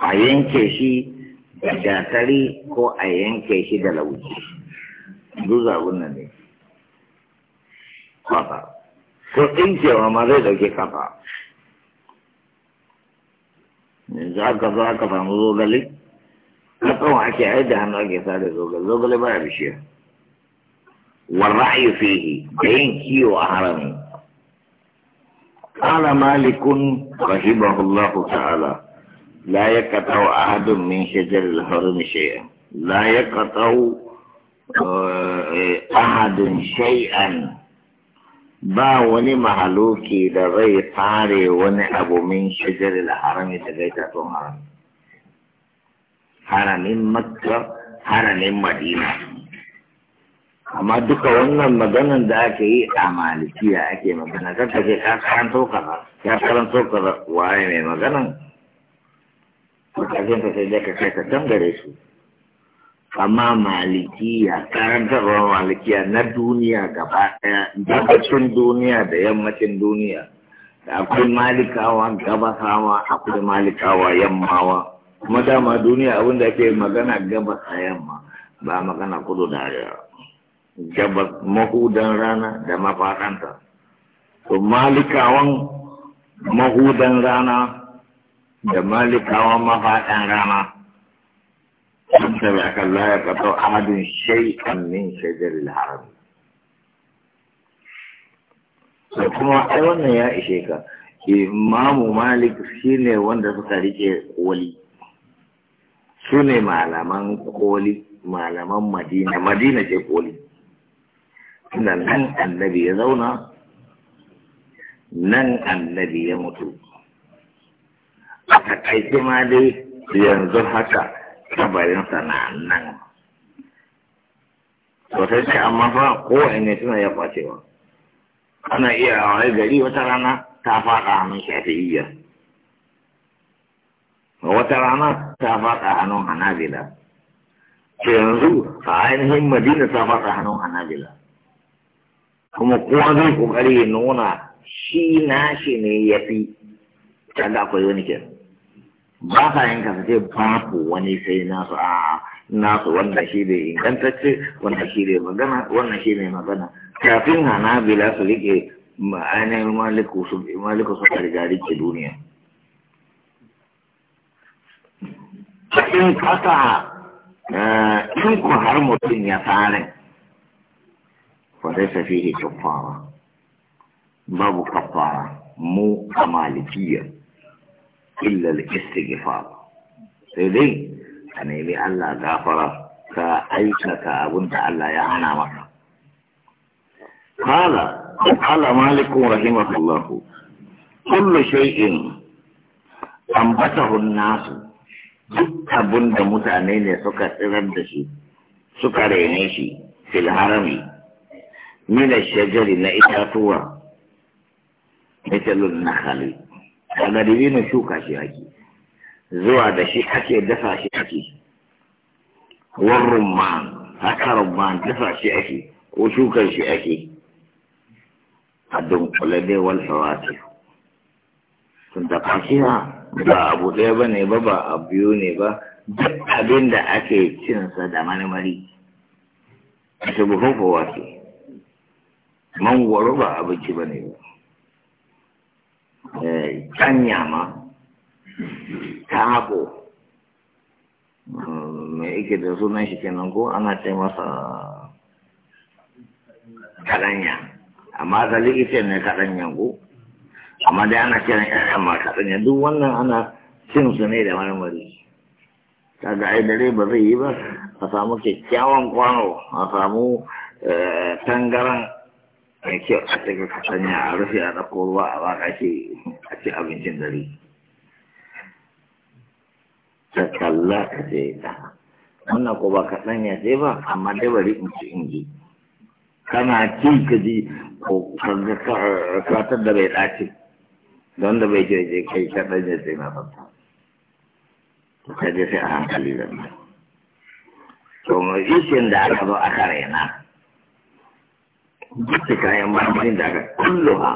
a yanke shi da gatari ko a yanke shi da lauci duza wannan ne kwafa ko ɗinkewa ma zai dauke kafa za ka za ka samu zogale na tsawon ake ai da hannu ake sare zogale zogale zogale baya bishiya والرعي فيه بينكي وحرمي قال مالك رحمه الله تعالى لا يقطع احد من شجر الحرم شيئا لا يقطع آه، احد شيئا با وني مهلوكي دغي فاري وني ابو من شجر الحرم دغيتا تومار حرم مكة حرم مدينة أما دوكا وانا مدنة داكي أعمالي كي أكي مدنة كتا كي كان توقف كان توقف واي مدنة ƙarshen ta sai ka kai ka tangare su amma malikiya karantarwa malikiya na duniya gaba ɗaya gabacin duniya da yammacin duniya da akwai malikawa gabasawa akwai malikawa yammawa kuma dama duniya abin da ake magana gaba a yamma ba magana kudu da arewa gabas mahudan rana da mafaɗanta to malikawan mahudan rana da malikawa mafaɗan rana sun tabi a kan layar ƙasar ahadin shai'an min shajarar harami da kuma ai wannan ya ishe ka imamu malik shi ne wanda suka rike koli su ne malaman koli malaman madina madina ke koli nan annabi ya zauna nan annabi ya mutu a takaice ma dai yanzu haka kabarin nan. sosai sai amma fa kowane suna ya kwacewa ana iya a wani gari wata rana ta faɗa hannun shafi'iyya wata rana ta faɗa hannun hanabila ke yanzu a ainihin madina ta faɗa hannun hanabila kuma kuma zai kokari ya nuna shi na shi ne ya fi kaga akwai wani kenan ba sa yanka su ce babu wani sai nasu a nasu wannan shi ne ingantacce wannan shi ne magana wannan shi ne magana kafin hanabila su rike ainihin maliku su maliku su riga rike duniya in kasa eh, in ku har mutum ya fara fadaisa fihi kafara babu kafara mu a malikiyar إلا الاستغفار سيدي يعني لي الله غفر كأيك كأبنت الله يا أنا وحا قال قال مالك رحمه الله كل شيء أنبته الناس تبن متانين سكا سرندشي سكا رينيشي في الهرم من الشجر لإتاتوا مثل النخل daga dabino shuka shi ake zuwa da shi ake dafa shi ake wan ma haka rumman dafa shi ake ko shukar shi ake a dunkule dai wal fawati sun da fashiya ba abu ɗaya ba ne ba ba a biyu ne ba duk abin da ake cinsa da marmari a shi buhun fawati mangwaro ba abinci ba ne ba canyama eh, tabo mai ike da sunan shi kenan ko ana ce masa kaɗanya amma zali ita ne kaɗanyan ko amma dai ana kiran ƴaƴan ma kaɗanya duk wannan ana cin su ne da marmari kaga ai dare ba zai yi ba a samu kyakkyawan kwano a samu eh, tangaran mai a cikin kasanya a rufe a ɗauko ruwa a baka ce a ci abincin dare ta kalla ka ce ta wannan ko ba kaɗan ya ce ba amma dai bari in ci in ji kana ci ka ji ko katar da bai ɗaci don da bai je je kai kaɗan ya ce na fata ta je sai a hankali da nan to mu ishin da aka zo aka raina duka kayan marmarin da aka kulluha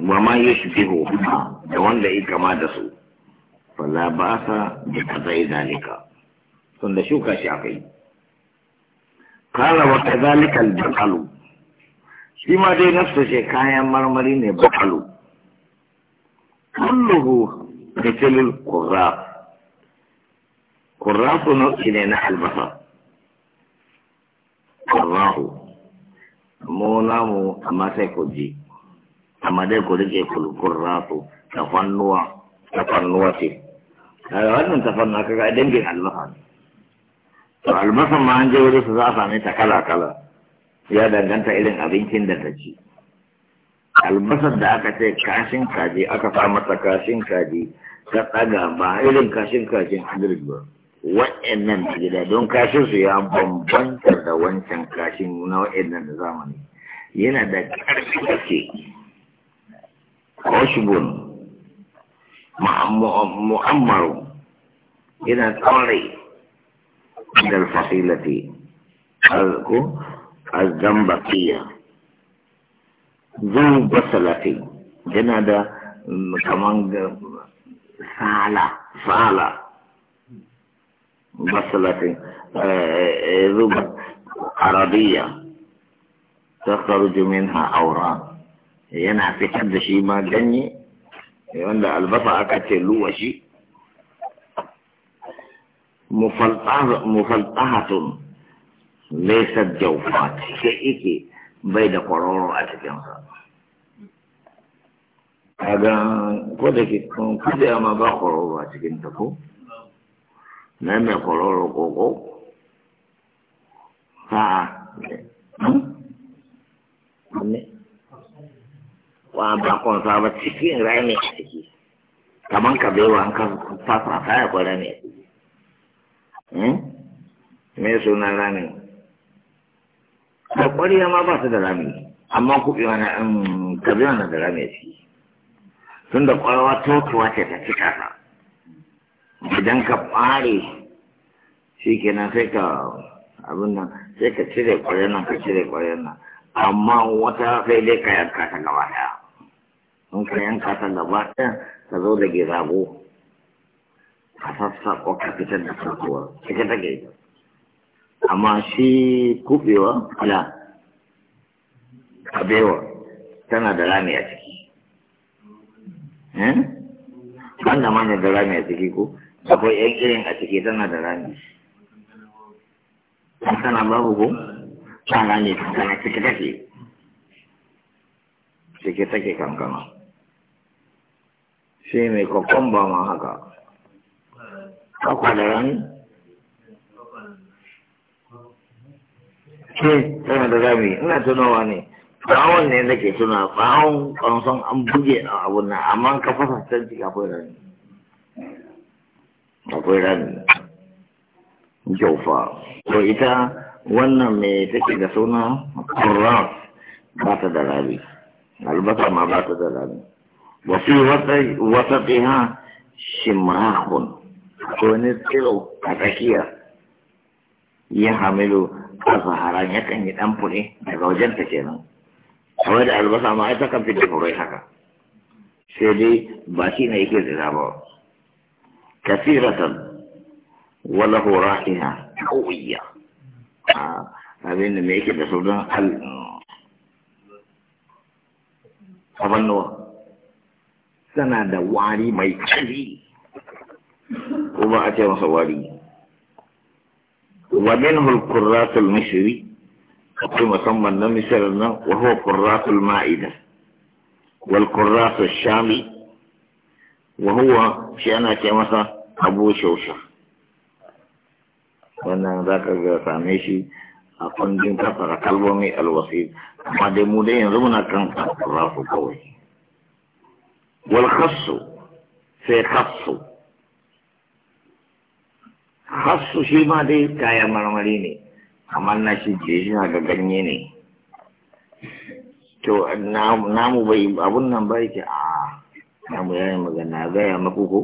wa ma yushbihu da wanda ya kama da su fala ba sa ka zai zalika sun da shuka shi aka yi kala wa da al shi ma dai nafsu ce kayan marmari ne bakalu kulluhu kurra kurra su nau'i ne na albasa Allahu mu namu amma sai ku ji amma dai ku rike kulkur ratu ta fannuwa ta fannuwa ce daga wannan ta fannuwa kaga dangin albasa to albasan ma an je wurin su za a same ta kala kala ya danganta irin abincin da ta ci albasar da aka ce kashin kaji aka sa mata kashin kaji ta tsaga ba irin kashin kajin hadrid ba wa'annan da gida don kashin su ya bambanta da wancan kashin na wa'annan da zamani yana da ƙarfi da ke kwashibun mu'ammaru yana tsare da alfasilati ko azambatiya zuwa basalati yana da mm, kaman sala sala بصلة ذبة آه، آه، عربية تخرج منها أوران ينا في حد شيء ما جني يوند يعني البطاعة أكتلو وشي مفلطة ليست جوفات كيكي بيد قرار أتكنها أجا كده كده أما بقرارو تكو na mai kororo koko ha ne wa ba konsa ba cikin rami a ciki kaman ka bewa an kan fasa kaya kwa rami hmm? me sunan rami da kwariya ma ba su da rami amma kuɓewa na hmm, kabewa na da rami a ciki tun da kwarawa totuwa ce ta cika ta idan ka ɓare shi kenan sai ka abin nan sai ka cire ƙwarar nan ka cire ƙwarar nan amma wata sai dai ka yanka ta gaba ɗaya in ka yanka ta gaba ɗaya ka zo da girago ka sassaƙo ka fitar da kasuwa cike take amma shi kuɓewa ala kabewa tana da rami a ciki eh? Wanda ma da rami a ciki ko? akwai yan irin a cike tana da rami tana babu ko ta rami tana ciki take ciki take kankana shi mai kwakwan ba ma haka kwakwa da rami ce tana da rami ina tunawa ne bawon ne ke tuna bawon kwanson an buge a abun nan amma ka fasa can ciki akwai rami akwai rami jaufa to ita wannan mai take da suna kurras ba ta da rami albasa ma ba ta da rami wasu wata tsiha shimrahun ko wani tsiro a tsakiya ya hamilu a zaharan kan yi dan fure daga wajen ta nan. kamar da albasa ma ita kan fi da fure haka sai dai ba shi ne yake zira ba كثيرة وله رائحة قوية آه، هذين ميكي بسودا هل أظنوا سنة دواري ما يكفي وما أتي مصواري ومنه الكرات المشري ثم سمى النمسرنا وهو كرات المائدة والكرات الشامي wa huwa shi ana ce masa abu shausha wannan za ka ga same shi a kundin a kalbomi alwasi amma dai mu dai yanzu muna kan rafu kawai wal khassu sai khassu khassu shi ma dai kayan marmari ne amma na shi je shi na ganye ne to namu bai abun nan ba ke a ah, mu yayin magana gaya maku ko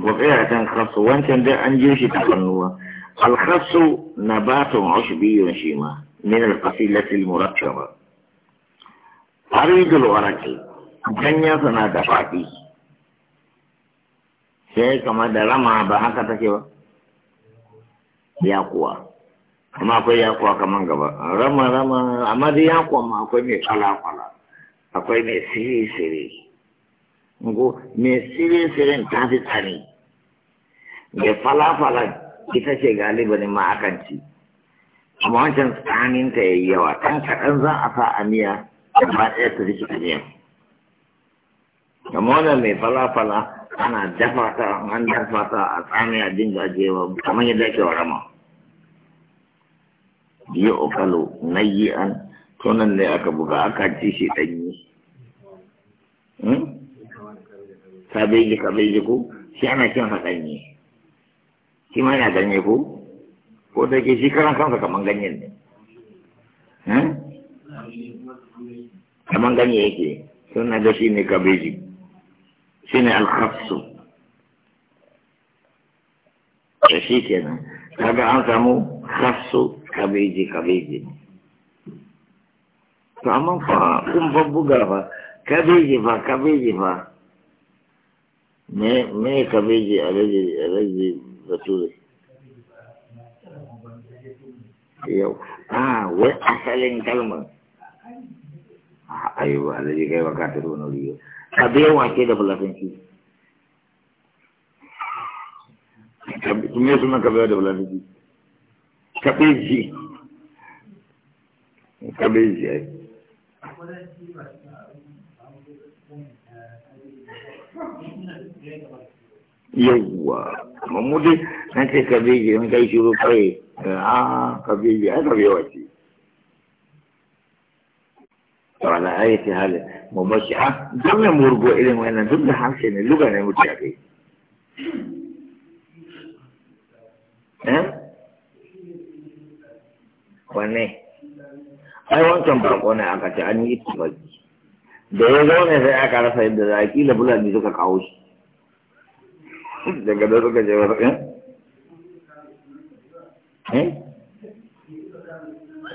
ko tsaya kan khasu wancan dai an je shi ta fannuwa al khasu nabatun ushbiyun shi ma min al fasilati al murakkaba aridul waraki ganya sana da fadi sai kamar da rama ba haka take ba Ya kuwa. amma akwai ya kuwa kamar gaba rama rama amma dai kuwa ma akwai mai kwala kwala akwai mai siri siri ngo me sirin sirin ta fi tsani da falafala ita ce galibin ma akan ci amma wancan tsanin ta yayi yawa ɗan kaɗan za a sa a miya ba ɗaya ta rike a miya wannan mai falafala ana dafa ta an dafa ta a tsami a dinga ajiyewa kamar yadda ake warama ya okalo na yi an tunan ne aka buga aka ci shi ɗanyi hmm? kabeji kabeji ko shi ana cin sa ɗanye shi ma yana ganye ku ko da ke shi karan kansa kaman ganyen ne hmm? kaman ganye yake suna da shi ne kabeji shi ne alhafsu da shi kenan kaga an samu hafsu kabeji kabeji to amma fa kun babbuga fa kabeji fa kabeji fa me me kabeji alaji alaji bature yau ah wai asalin kalmar ayo ah, alaji kai baka ta ruwan riyo kabe wake da fulafanci me suna kabe da kabeji kabeji ai yawwa amma mu dai na ce ka bege in kai shiru kai eh, a ka bege ai ka bewa ce to ala ayati hali mu bashi a ah, don me murgo irin wannan duk da harshe ne luga ne mutu ya kai eh? wanne ai wancan bako ne aka ce an yi ittifaki da ya zaune sai aka rasa yadda za a kila bulani suka kawo shi daga da suka je wasu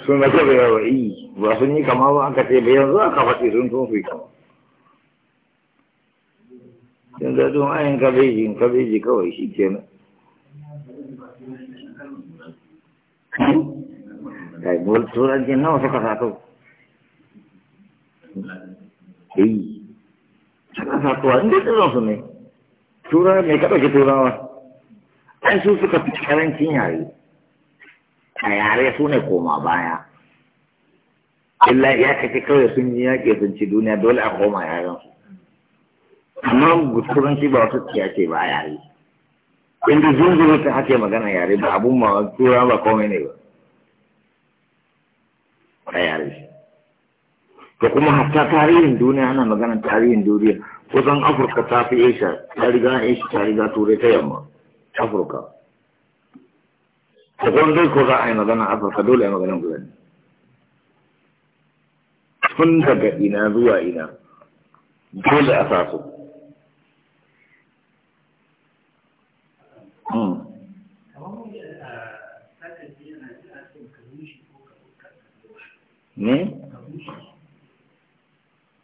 sun na kebe yawa iyi ba sun yi kama ba aka ce ba yanzu aka faɗi sun tun fi kama sun zaɗin ayin kabeji kabeji kawai shi kenan da gol turanci nawa suka sato iyi suka sato a inda tsironsu ne tura mai kaɗa ki turawa an su suka fi karancin yare a yare su ne koma baya illa ya kace kawai sun yi yaƙi sun ci duniya dole a koma yaren su amma turanci ba wasu ce ba a yare inda zunguru ta hake magana yare ba abun ma tura ba komai ne ba a yare to kuma hatta tarihin duniya ana magana tarihin duniya kusan afirka ta fi asia ta riga ishi ta riga turai ta yamma afirka da kuma dai ko za a yi magana afirka dole a maganin guda ne tun daga ina zuwa ina dole a sasu ne? Hmm.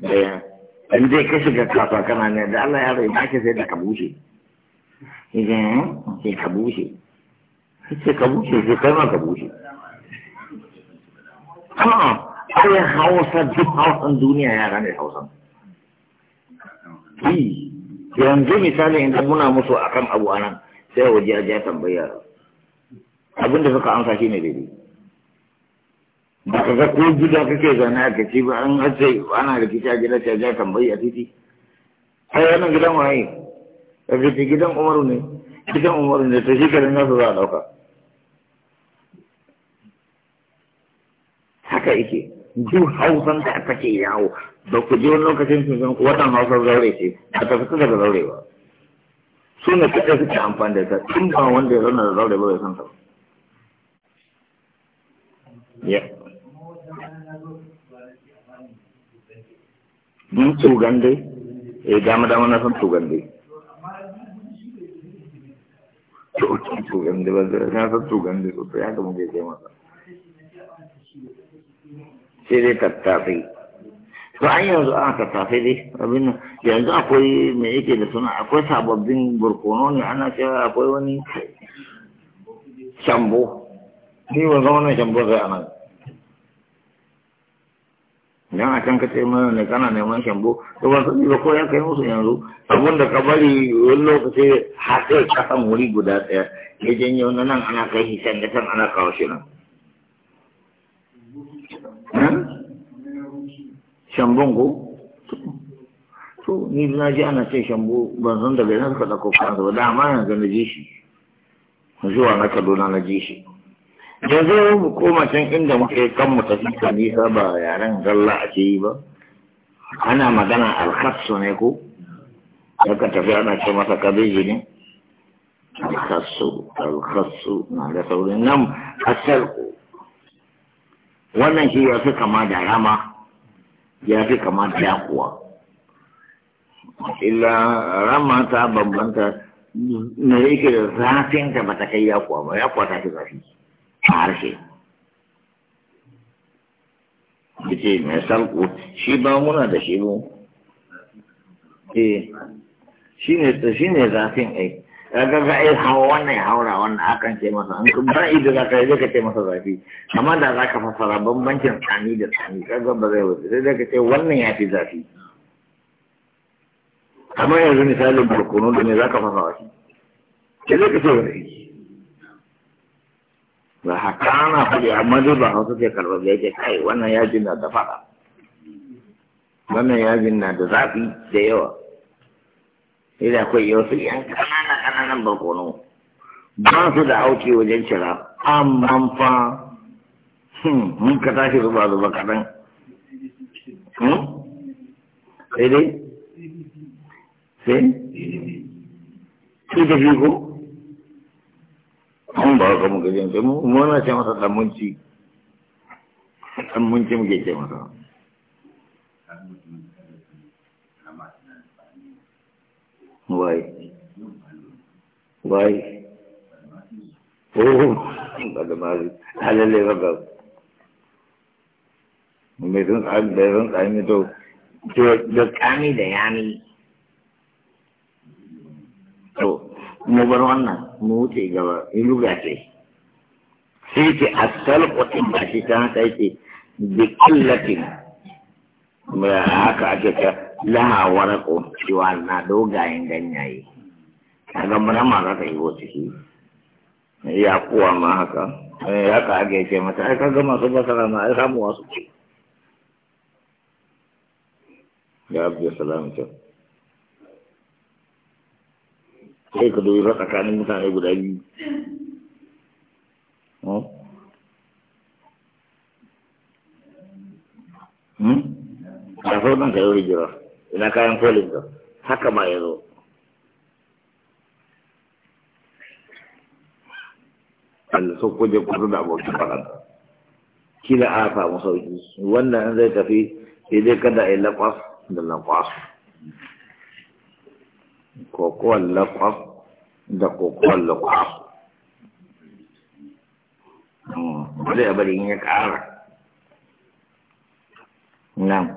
daya in dai ka shiga kasuwa kana ne da Allah ya rai nake sai da ka bushe idan sai ka bushe sai ka bushe sai kai ma ka bushe a'a ai hausa duk hausan duniya ya gane hausan yanzu misali idan muna musu akan abu anan sai waje ya tambaya abinda suka amsa shi ne daidai ba ka ga ko gida kake zaune a kaci ba an hace ana rikici a gida ta ja tambayi a titi ai wannan gidan waye a titi gidan umaru ne gidan umaru ne ta shi karin nasu za a ɗauka haka yake duk hausan da aka ce yawo ba ku je wani lokacin sun san watan hausar zaure ce ba ta fita daga zaure ba su ne kaɗai suke amfani da ta tun ba wanda ya zauna da zaure ba bai san ta ba. mun tsugan dai eh dama dama na san tsugan dai tsugan dai ba na san tsugan dai sosai haka muke kai masa sai dai tattafai to an yanzu an tattafai dai abin nan yanzu akwai me yake da suna akwai sababbin burkono ne ana cewa akwai wani shambo ni ba zama na shambo sai anan idan a can ka ce mana ne kana neman shambo to ba su ba ko ya kai musu yanzu abun da ka bari wani lokaci haɗe kasan wuri guda ɗaya ya janyo na nan ana kai shi can can ana kawo shi nan shambon ko to ni na ji ana ce shambo ban san daga yana suka ɗauko kansa ba dama yanzu na ji shi zuwa na kaduna na ji shi yanzu mu koma can inda muke kan mu tafi ka nisa ba yaren galla ake yi ba ana magana alkhassu ne ko daga tafi ana ce masa kabeji ne alkhassu alkhassu na da saurin nan asal wannan shi ya fi kama da rama ya fi kama da yakuwa illa rama ta bambanta na yake da zafinta ba ta kai yakuwa ba yakuwa ta fi zafi a harshe ce mai salko shi ba muna da shi mu eh shi ne shi ne zafin ai kaga ga ai hawa wannan ya haura wannan hakan ce masa an kun ba idan zaka yi zaka ce masa zafi amma da zaka fassara bambancin tsani da tsani kaga ba zai wuce sai zaka ce wannan ya fi zafi amma yanzu misalin barkono da me zaka fassara shi ke zaka ce wani ba haka ana kuɗi amma dai ba hausa zai karba ba yake kai wannan yajin na da faɗa wannan yajin na da zafi da yawa idan akwai yau sai yan ƙanana ƙananan barkono ba su da auki wajen cira amma fa hmm, mun ka tashi zuba zuba kaɗan hmm? sai dai sai sai da ko an ba ka muka ce mu muna ce masa dan munci dan munci muke ce masa wai wai oh, ba da ba mai sun tsari da tsari ne to da da yami to mu bar wannan mu wuce gaba in ruga ce sai ce a talƙotin ba shi ta haka yake bi kallatin haka ake ta laha warako cewa na dogayen ganyaye a ga murama za ta yi wa ciki ya kuwa ma haka eh, ka ake ce mata ai ga masu basara ma ai samu wasu ce ya abu da salamu sai ka doyi tsakanin mutane guda biyu da hmm? sauran hmm? ka wuri rigira ina kayan kolin ka haka ma ya zo Allah so kuje kudu da abokin faɗan kila a samu sauki wannan zai tafi sai dai kada a yi lakwas da lakwas kokowar lakwab da kokowar lakwab wadda hmm, ya bari ya ƙara nan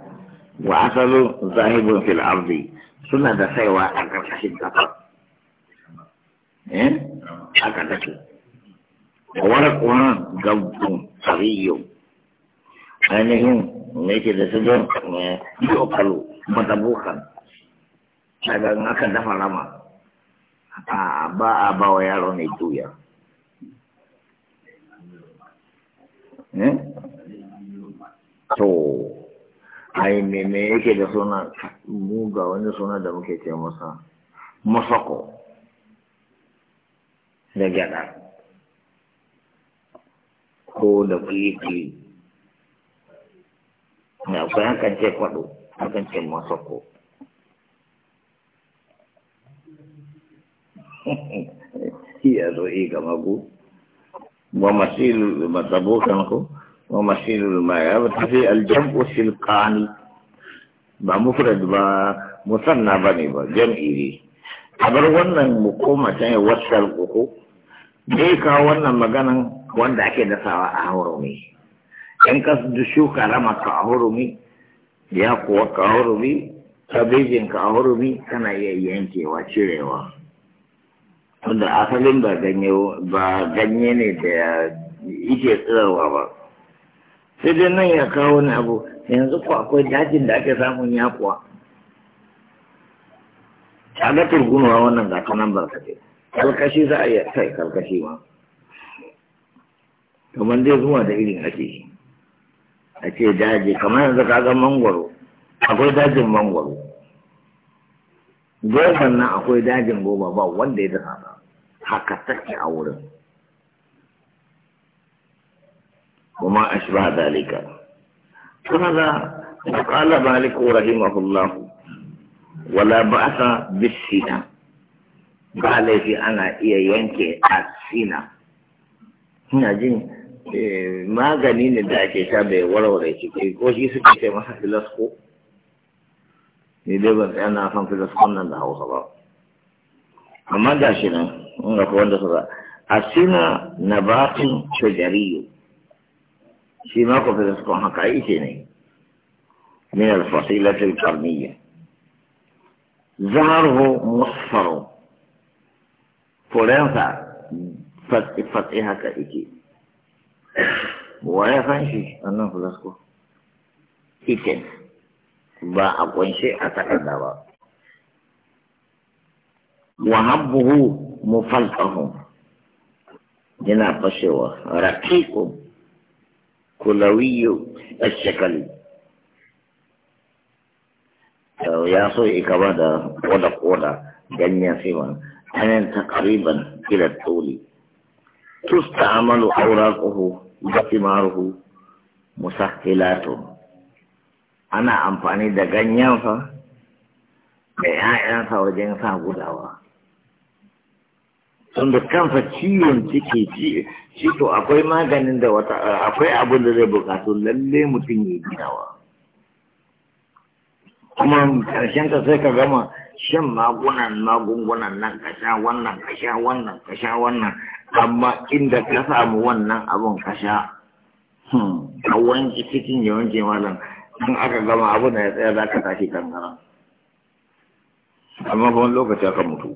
wa asalu zahibun fil ardi suna da saiwa a ƙarƙashin ƙasa eh haka take warqun gabdun sariyum ainihin ne ke da su don ne yi okalu matabukan daga aka dafa rama a ba a ba wa yaro mai tuya eh? to ai mene yake da suna mu ga wani suna da muke ce masa masako da gyada ko da kulikuli na akwai hakan ce kwado hakan ce masako iya zo yi gama ku wa masilu matabokan ku wa masilu maya ba ta fi aljam'u silkani ba mufrad ba musan ba ne ba jam ne kamar wannan mu koma can ya wasal kuku me kawo wannan maganan wanda ake dasa a ahurumi in ka shuka ramaka a hurumi ya kuwa ka hurumi kabejin ka a hurumi kana iya yankewa cirewa wanda asalin ba ganye ba ganye ne da yake tsirarwa ba sai dai nan ya kawo wani abu yanzu ko akwai dajin da ake samun yakuwa ga turgunuwa wannan ga kanan barkace, kalkashi za a yi kai kalkashi ma kamar dai zuwa da irin ake shi a ce daji kamar yanzu kaga mangwaro akwai dajin mangwaro goban nan akwai dajin goma ba wanda ya dasa ba haka take a wurin kuma a shi ba dalika tuna da kala maliku rahimahullahu wala ba'asa bisina ba laifi ana iya yanke sina ina jin eh, magani ne da ake sha bai warware shi ko shi suke ce masa filas ko. ni dai ban tsaya na san filosofan nan da hausa ba amma ga shi nan in ga wanda suka asina nabatin shajariyu shi ma ko filosofan haka yake ne min alfasilati alqarniyya zaharuhu musfaru furensa fatsi fatsi haka yake wa ya san shi annan filosofa Chicken. ba a kunshe a takarda ba wahabbuhu mufalqahu yana fashewa raqiqu kulawiyyu ash-shakali ya so ikaba da koda koda ganyen siwa anan taqriban ila tuli tusta'malu awraquhu wa thimaruhu musahhilatu ana amfani da ganyensa da ‘ya'yansa wajen sa gudawa Sanda kansa ciwon ciki ci to akwai maganin da wata akwai abin da zai bukatu lalle mutum ya ginawa kuma ƙarshen ka sai ka gama shan magunan magungunan nan ka sha wannan ka sha wannan ka sha wannan amma inda ka samu wannan abin ka sha hmm, a wanke cikin yawanci malam in aka gama abu na ya tsaya za ka tashi kankara amma wani lokaci aka mutu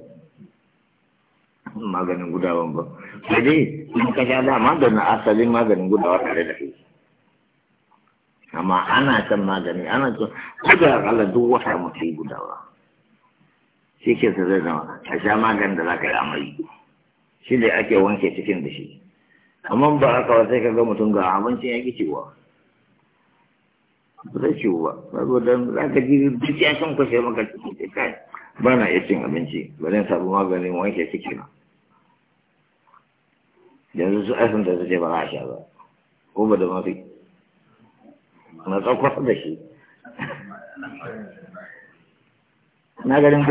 maganin gudawa ba sai dai in ka sha dama da na asalin maganin gudawa tare da shi amma ana shan magani ana cin kuka akalla duk wata mutu gudawa shi ke sa zai zama ka sha maganin da za ka yi amai shi da ake wanke cikin da shi amma ba aka wasai ka ga mutum ga abincin ya ki ciwa ba zai ba saboda za ka ji duk ya san kwashe maka ciki kai ba na iya cin abinci ba zan maganin wanke ciki na yanzu su da su ce ba sha ba ko ba da mafi na da shi na garin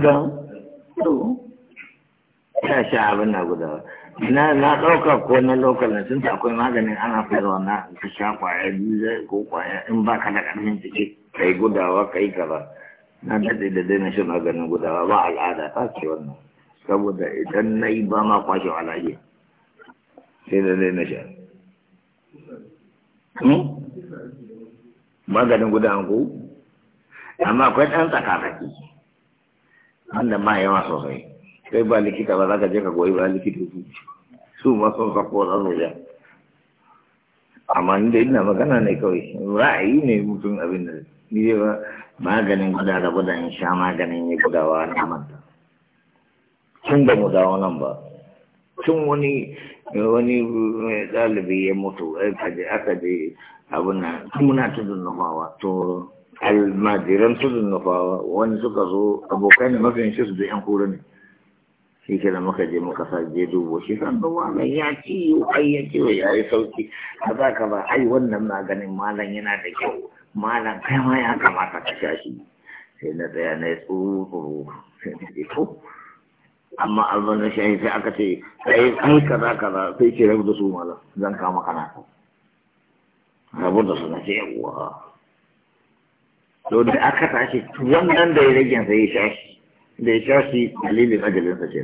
ya sha abin na gudanar na na ɗauka ko na lokal sun ta akwai maganin ana sayarwa na ka sha kwaya biyu ko kwaya in ba ka da ƙarfin ciki kai gudawa kai kaza na daɗe da daina shan maganin gudawa ba al'ada ta ce wannan saboda idan na yi ba ma kwashe wa sai da daina sha hmm? maganin gudawa ko amma akwai ɗan tsakatsaki wanda ma yawa sosai kai ba likita ba za ka je ka goyi ba likita su ma sun sako da zuwa amma inda ina magana ne kawai ra'ayi ne mutum abin da ni ne ba maganin guda da guda in sha maganin ya gudawa na manta tun da mu dawo nan ba tun wani wani ɗalibi ya mutu aka je abin nan muna tudun nufawa to almajiran tudun nufawa wani suka zo abokai ne mafiyan shi su da yan kura ne shi ke muka je muka sa je dubo shi kan da wannan ya ci yi ai ya ce ya yi sauki a za ka ba ai wannan na ganin malam yana da kyau malam kai ma ya kamata ka sha shi sai na tsaya na yi tsoro sai na ce ko amma albanin shahi sai aka ce sai ai kaza kaza sai ke rabu da su malam zan kama kana rabu da su na ce yawwa to da aka tashi wannan da ya rage sai ya sha shi da ya sha shi dalilin ajalinsa ce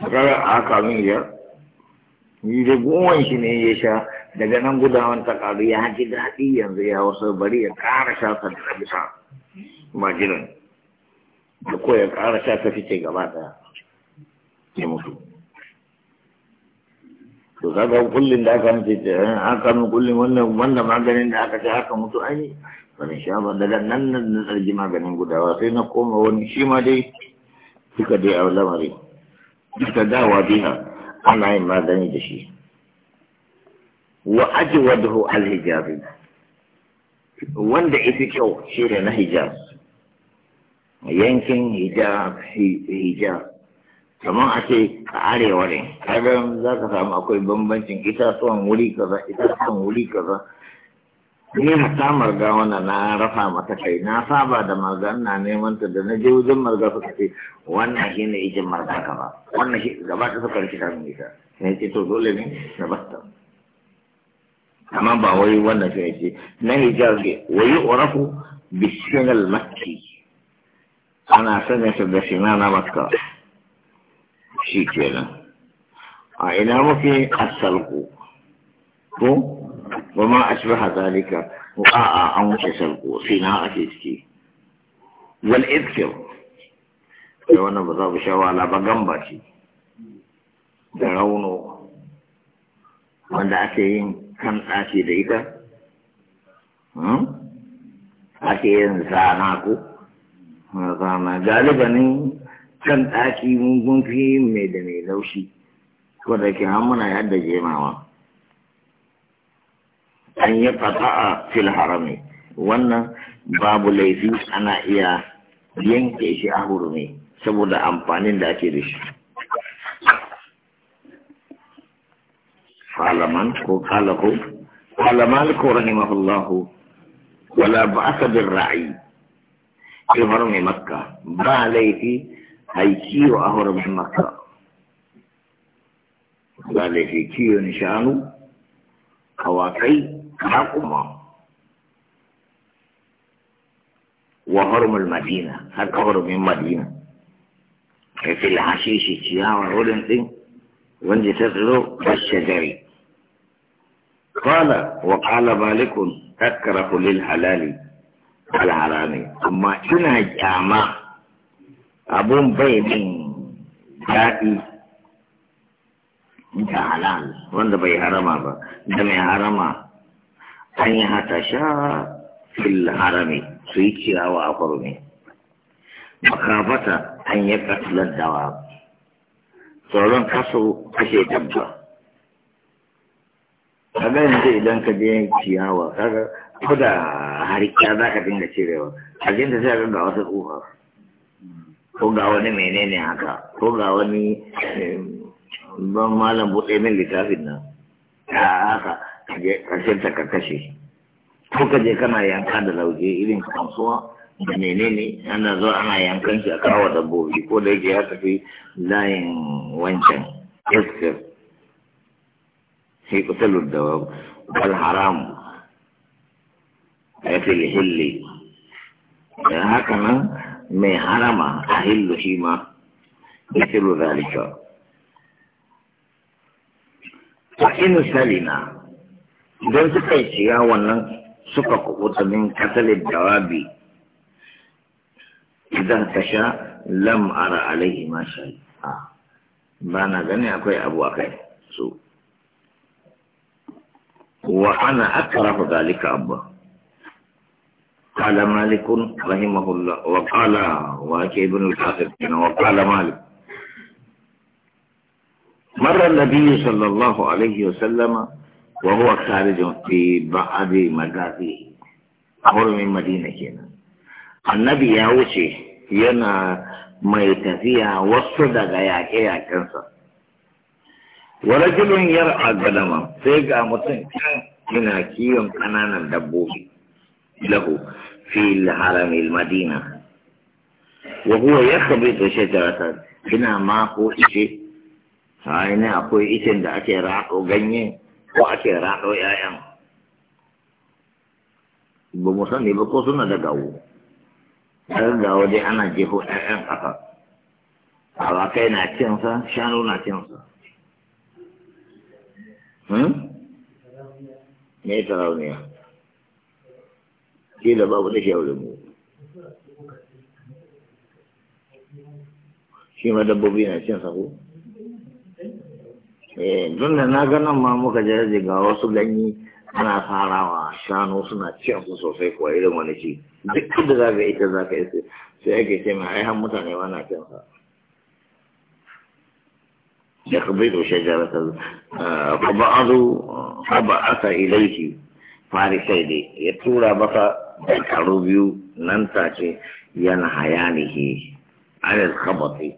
a haka abin ya da gowon shi ne ya sha daga nan gudawan ta karu ya ji daɗi yanzu ya wasu bari ya ƙara sha ta da bisa majinan da ko ya ƙara sha ta fice gaba ɗaya ya mutu to kaga kullum da aka mutu ce eh, aka min kullum wannan maganin da aka ce haka mutu ainihi wani sha ba daga nan nan na tsarki maganin gudawa sai na koma wani shi ma dai duka dai a lamari duka dawa biya ana yin magani da shi wa aji wadahu alhijabi wanda ifi kyau shi ne na hijab yankin hijab hijab kamar a ce a arewa ne kaga za ka samu akwai bambancin itatuwan wuri kaza itatuwan wuri kaza ni ta marga wannan na rafa mata kai na saba da marga na neman ta da na je wajen marga suka ce wannan shi ne ijin marga ka ba wannan shi gaba ta suka rikita min ita ne ce to dole ne na basta amma ba wai wannan shi ne na hijaz ne wai urafu bishinal makki ana sanya su da shina na makka shi kenan a ina muke asalku ko wa ma asbaha zalika a'a an wuce sarko sai na ake ciki wal iskir da wannan ba za ku sha wala ba gamba ce da rauno wanda ake yin kan ɗaki da ita hmm? ake yin zana ko hmm, zana ne kan ɗaki mun gunfi mai da mai laushi ko da ke har muna yadda jemawa an yi a fil harami wannan babu laifi ana iya yanke shi a hurumi saboda amfanin da ake da shi falaman ko kalaku falaman ko rahimahullahu wala aka bin ra'ayi fi hurumi makka ba laifi a yi kiwo a hurumin makka ba laifi kiwon shanu awakai حكمه نعم، أمم. وهرم المدينة هكهرم من مدينة إيه في الحشيش تياوة هولنسين وانت تسلو بالشجري قال وقال مالك تكره للحلال والحرام أما إنا جامع أبون بيمين جائي انت حلال وانت بي حرما با دمي حرما an yi hata sha fil harami su yi ciyawa a kurmi makafata an yi katilar dawa tsoron kaso kashe dabba kaga yanzu idan ka je ciyawa kaga ko da harkiya za ka dinga cirewa a jinta sai ga wata tsufa ko ga wani menene haka ko ga wani eh, ban malam buɗe min littafin nan a haka kaje ƙarshen ta ka kashe ko ka je kana yanka da lauje irin kasuwa da menene ana zo ana yankan shi a kawo dabbobi ko da yake ya tafi layin wancan iskir sai kusurur da wal haram a fil hilli da haka nan mai harama a hillu shi ma ya filo da fa salina idan suka yi ciyawan wannan suka kubuta min katalin jawabi idan ka sha lam ara alaihi ma sha'a ba na gani akwai abu a kai so wa ana akara akrahu dalika abba قال مالك رحمه الله وقال وأتي ابن الحافظ وقال مالك مر النبي صلى الله عليه وسلم وهو خارج في بعض مغازيه حرم madina kenan. Annabi ya wuce yana mai tafiya wasu daga yaƙe-yaƙensa. Warajulun yar a gadama sai ga mutum can yana kiwon ƙananan dabbobi lahu fil haramil madina. Wa huwa ya kabe ta shajarata ina mako ice, a akwai icen da ake raƙo ganye ko ake raɗo ‘ya'yan ba mu sani ba ko suna da gawo ɗan gawo dai ana jefo eh, ‘ya'yan eh, ƙasa awakai na cinsa shanu na cinsa me sarauniya hmm? kila babu da shi aure mu shi ma dabbobi na cin sako eh don da na ganin ma muka je ga wasu ganye ana farawa shanu suna cin su sosai kuwa irin wani ci duk da za ka ita za ka isa sai ake ce mai aihan mutane ma na cin sa ya kabe da ah, shajara ta fa ba'adu fa ilaiki fari sai dai ya tura ka karo biyu nan ta ce yana hayanihi anil khabati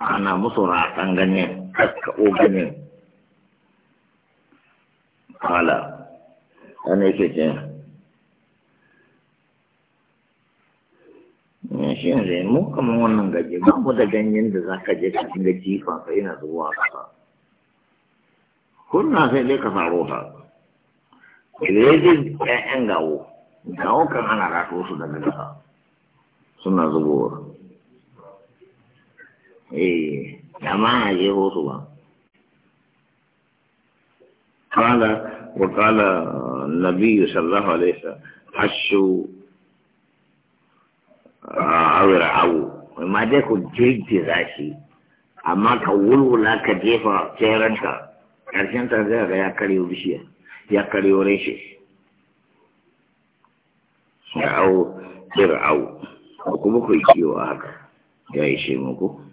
ana musu ratsan ganyen kakkaɓo ganin kala wani yake ce shi ne mu kama wannan gaje ba mu da ganyen da za ka je ka dinga jifa ka yana zuwa kasa kunna sai dai ka faro ta ilejin ƴaƴan gawo gawo kan ana rato su daga gasa suna zubowa eh jama'a ya hoto ba kala wa kala nabi sallallahu alaihi wasallam hashu ah, awira awu ma dai ku jirgira shi amma ka wulwula ka jefa tseren ƙarshen ta zai ga ya karyo bishiya ya karyo reshe ya au awu. au kuma ku yi kiwo haka ya yi shi muku